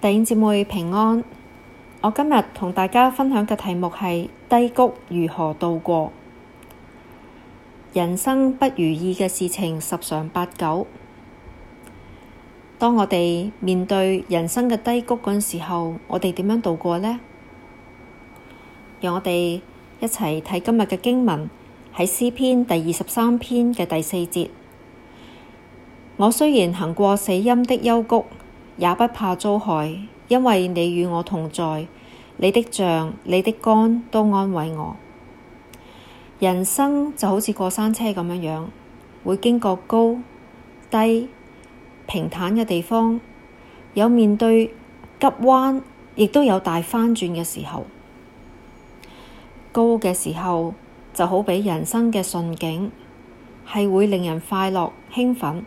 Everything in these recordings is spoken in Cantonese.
弟兄姊妹平安。我今日同大家分享嘅題目係低谷如何度過。人生不如意嘅事情十常八九。當我哋面對人生嘅低谷嗰陣時候，我哋點樣度過呢？讓我哋一齊睇今日嘅經文喺詩篇第二十三篇嘅第四節。我雖然行過死陰的幽谷。也不怕遭害，因為你與我同在，你的杖、你的竿都安慰我。人生就好似過山車咁樣樣，會經過高、低、平坦嘅地方，有面對急彎，亦都有大翻轉嘅時候。高嘅時候就好比人生嘅順境，係會令人快樂興奮。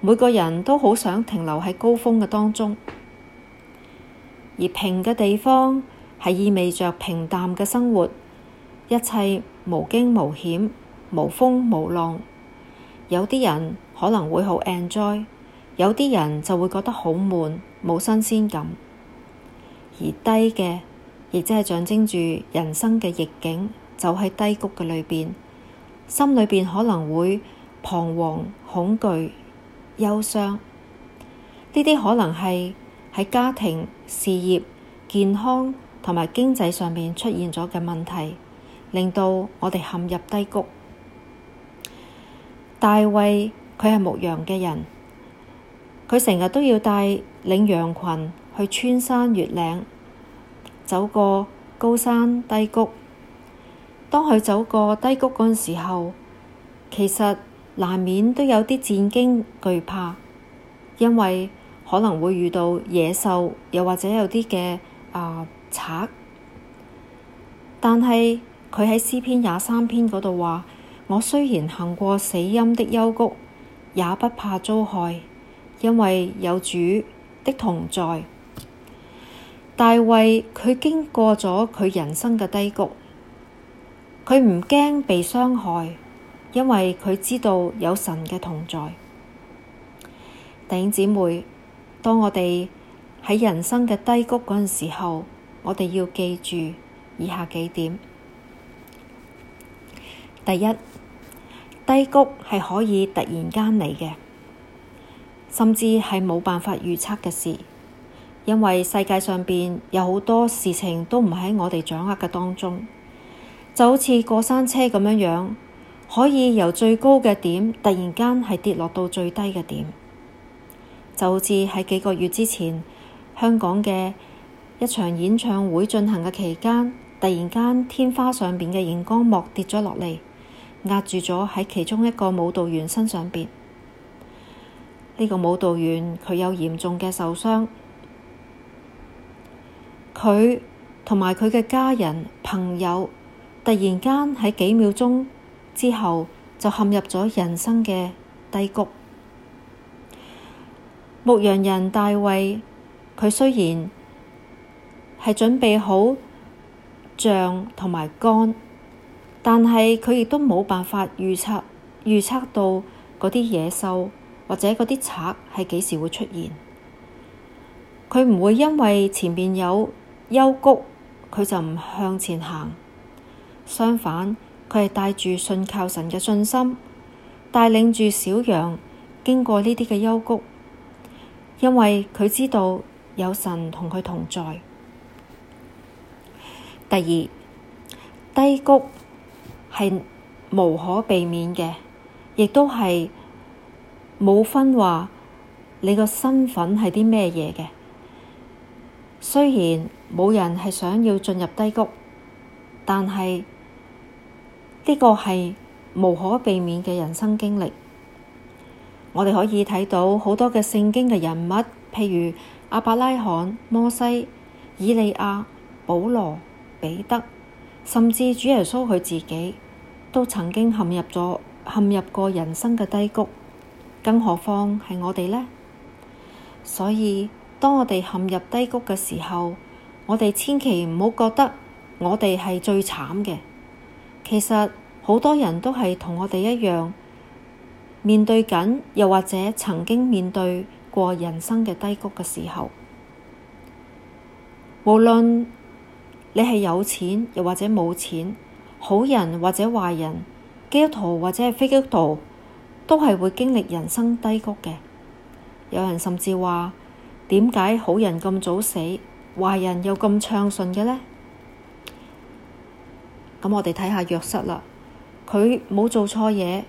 每個人都好想停留喺高峰嘅當中，而平嘅地方係意味着平淡嘅生活，一切無驚無險、無風無浪。有啲人可能會好 enjoy，有啲人就會覺得好悶，冇新鮮感。而低嘅亦即係象徵住人生嘅逆境，走喺低谷嘅裏邊，心裏邊可能會彷徨、恐懼。憂傷，呢啲可能係喺家庭、事業、健康同埋經濟上面出現咗嘅問題，令到我哋陷入低谷。大衛，佢係牧羊嘅人，佢成日都要帶領羊群去穿山越嶺，走過高山低谷。當佢走過低谷嗰陣時候，其實難免都有啲戰驚懼怕，因為可能會遇到野獸，又或者有啲嘅啊賊。但係佢喺詩篇廿三篇嗰度話：「我雖然行過死陰的幽谷，也不怕遭害，因為有主的同在。」大衛，佢經過咗佢人生嘅低谷，佢唔驚被傷害。因為佢知道有神嘅同在，弟兄姊妹，當我哋喺人生嘅低谷嗰陣時候，我哋要記住以下幾點：第一，低谷係可以突然間嚟嘅，甚至係冇辦法預測嘅事，因為世界上邊有好多事情都唔喺我哋掌握嘅當中，就好似過山車咁樣樣。可以由最高嘅點突然間係跌落到最低嘅點，就好似喺幾個月之前香港嘅一場演唱會進行嘅期間，突然間天花上邊嘅熒光幕跌咗落嚟，壓住咗喺其中一個舞蹈員身上邊。呢個舞蹈員佢有嚴重嘅受傷，佢同埋佢嘅家人朋友突然間喺幾秒鐘，之後就陷入咗人生嘅低谷。牧羊人大衛，佢雖然係準備好杖同埋杆，但係佢亦都冇辦法預測預測到嗰啲野獸或者嗰啲賊係幾時會出現。佢唔會因為前面有幽谷，佢就唔向前行。相反，佢係帶住信靠神嘅信心，帶領住小羊經過呢啲嘅幽谷，因為佢知道有神同佢同在。第二，低谷係無可避免嘅，亦都係冇分話你個身份係啲咩嘢嘅。雖然冇人係想要進入低谷，但係，呢個係無可避免嘅人生經歷，我哋可以睇到好多嘅聖經嘅人物，譬如亞伯拉罕、摩西、以利亞、保羅、彼得，甚至主耶穌佢自己，都曾經陷入咗陷入過人生嘅低谷，更何況係我哋呢？所以當我哋陷入低谷嘅時候，我哋千祈唔好覺得我哋係最慘嘅。其實好多人都係同我哋一樣，面對緊，又或者曾經面對過人生嘅低谷嘅時候。無論你係有錢又或者冇錢，好人或者壞人，基督徒或者係非基督徒，都係會經歷人生低谷嘅。有人甚至話：「點解好人咁早死，壞人又咁暢順嘅呢？」咁我哋睇下約瑟啦，佢冇做錯嘢，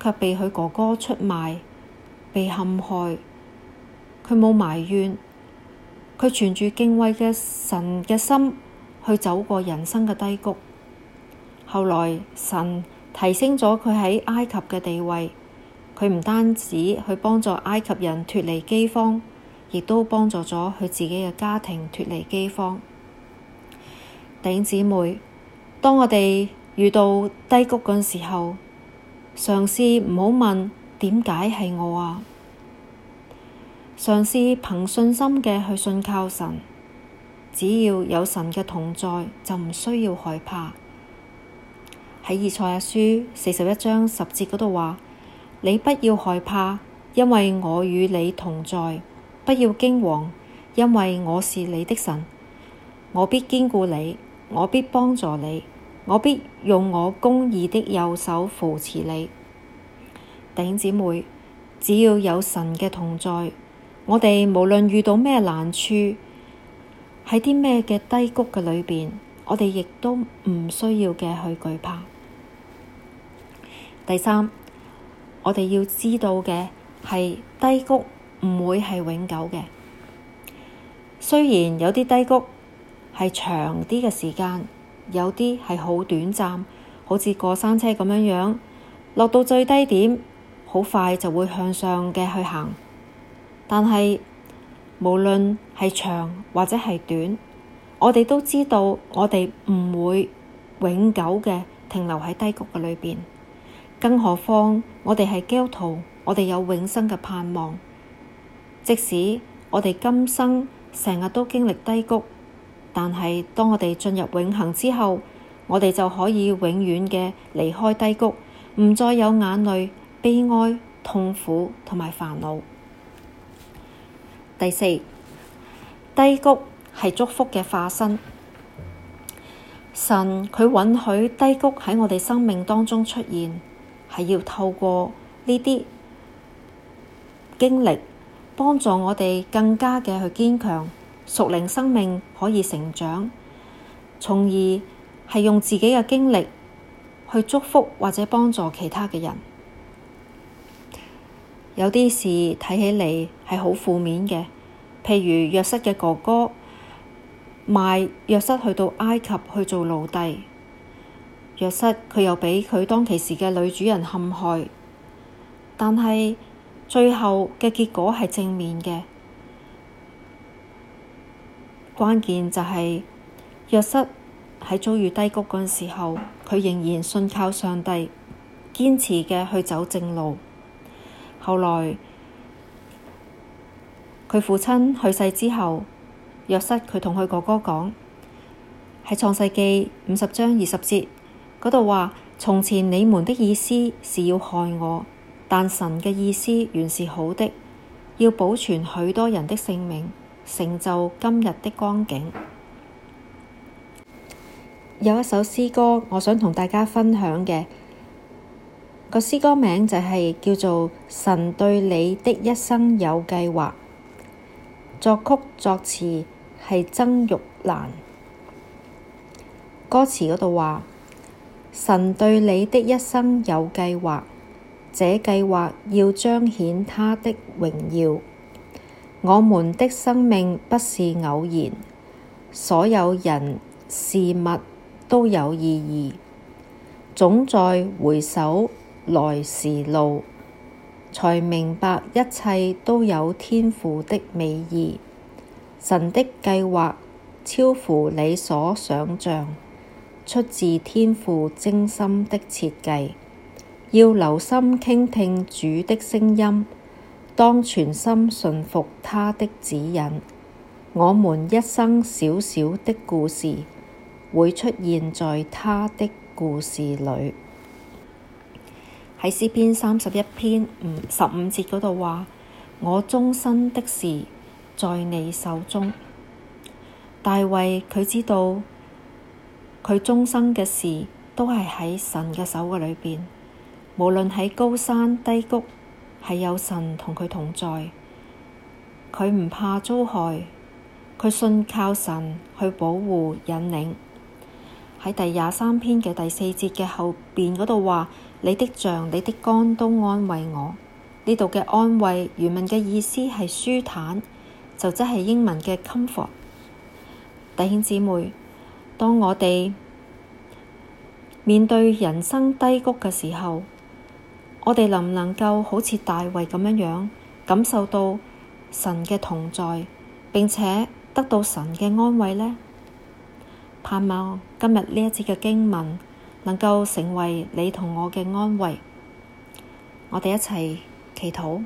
卻被佢哥哥出賣，被陷害。佢冇埋怨，佢存住敬畏嘅神嘅心去走過人生嘅低谷。後來神提升咗佢喺埃及嘅地位，佢唔單止去幫助埃及人脱離饑荒，亦都幫助咗佢自己嘅家庭脱離饑荒。頂姊妹。當我哋遇到低谷嗰陣時候，嘗試唔好問點解係我啊，嘗試憑信心嘅去信靠神。只要有神嘅同在，就唔需要害怕。喺以賽亞書四十一章十節嗰度話：「你不要害怕，因為我與你同在；不要驚惶，因為我是你的神，我必堅固你，我必幫助你。我必用我公義的右手扶持你，弟兄姊妹，只要有神嘅同在，我哋無論遇到咩難處，喺啲咩嘅低谷嘅裏邊，我哋亦都唔需要嘅去懼怕。第三，我哋要知道嘅係低谷唔會係永久嘅，雖然有啲低谷係長啲嘅時間。有啲係好短暫，好似過山車咁樣樣，落到最低點，好快就會向上嘅去行。但係無論係長或者係短，我哋都知道我哋唔會永久嘅停留喺低谷嘅裏面。更何況我哋係基督徒，我哋有永生嘅盼望。即使我哋今生成日都經歷低谷。但係，當我哋進入永恒之後，我哋就可以永遠嘅離開低谷，唔再有眼淚、悲哀、痛苦同埋煩惱。第四，低谷係祝福嘅化身。神佢允許低谷喺我哋生命當中出現，係要透過呢啲經歷，幫助我哋更加嘅去堅強。屬靈生命可以成長，從而係用自己嘅經歷去祝福或者幫助其他嘅人。有啲事睇起嚟係好負面嘅，譬如約瑟嘅哥哥賣約瑟去到埃及去做奴隸，約瑟佢又俾佢當其時嘅女主人陷害，但係最後嘅結果係正面嘅。關鍵就係、是、約瑟喺遭遇低谷嗰陣時候，佢仍然信靠上帝，堅持嘅去走正路。後來佢父親去世之後，約瑟佢同佢哥哥講喺創世記五十章二十節嗰度話：從前你們的意思是要害我，但神嘅意思原是好的，要保存許多人的性命。成就今日的光景，有一首詩歌，我想同大家分享嘅個詩歌名就係叫做《神對你的一生有計劃》，作曲作詞係曾玉蘭。歌詞嗰度話：神對你的一生有計劃，這計劃要彰顯他的榮耀。我們的生命不是偶然，所有人事物都有意義。總在回首來時路，才明白一切都有天父的美意。神的計劃超乎你所想像，出自天父精心的設計。要留心傾聽主的聲音。當全心信服他的指引，我們一生小小的故事會出現在他的故事裡。喺詩篇三十一篇十五節嗰度話：我終身的事在你手中。大衛佢知道，佢終生嘅事都係喺神嘅手嘅裏邊，無論喺高山低谷。係有神同佢同在，佢唔怕遭害，佢信靠神去保護引領。喺第廿三篇嘅第四節嘅後邊嗰度話：「你的杖、你的竿都安慰我。」呢度嘅安慰，原文嘅意思係舒坦，就即係英文嘅 comfort。弟兄姊妹，當我哋面對人生低谷嘅時候，我哋能唔能夠好似大衛咁樣樣感受到神嘅同在，並且得到神嘅安慰呢？盼望今日呢一節嘅經文能夠成為你同我嘅安慰。我哋一齊祈禱，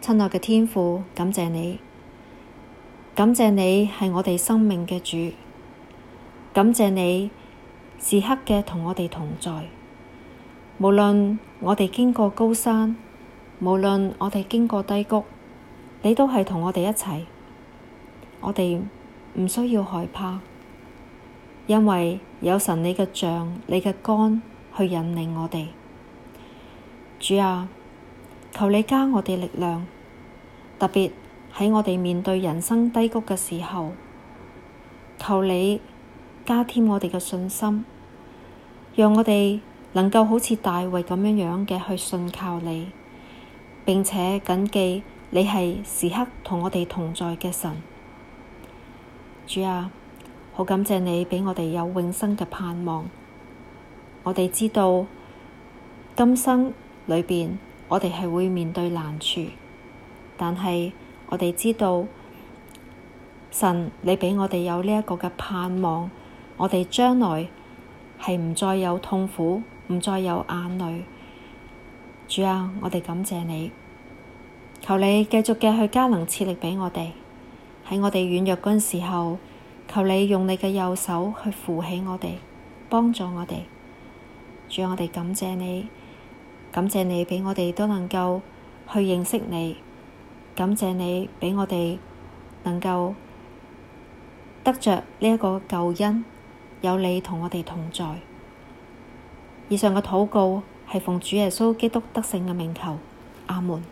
親愛嘅天父，感謝你，感謝你係我哋生命嘅主，感謝你時刻嘅同我哋同在。無論我哋經過高山，無論我哋經過低谷，你都係同我哋一齊。我哋唔需要害怕，因為有神你嘅杖、你嘅竿去引領我哋。主啊，求你加我哋力量，特別喺我哋面對人生低谷嘅時候，求你加添我哋嘅信心，讓我哋能夠好似大衛咁樣樣嘅去信靠你，並且謹記你係時刻同我哋同在嘅神。主啊，好感謝你畀我哋有永生嘅盼望。我哋知道今生裏邊我哋係會面對難處，但係我哋知道神你畀我哋有呢一個嘅盼望，我哋將來係唔再有痛苦。唔再有眼淚，主啊，我哋感謝你，求你繼續嘅去加能賜力畀我哋喺我哋軟弱嗰陣時候，求你用你嘅右手去扶起我哋，幫助我哋。主啊，我哋感謝你，感謝你畀我哋都能夠去認識你，感謝你畀我哋能夠得着呢一個救恩，有你同我哋同在。以上嘅禱告係奉主耶穌基督得勝嘅名求，阿門。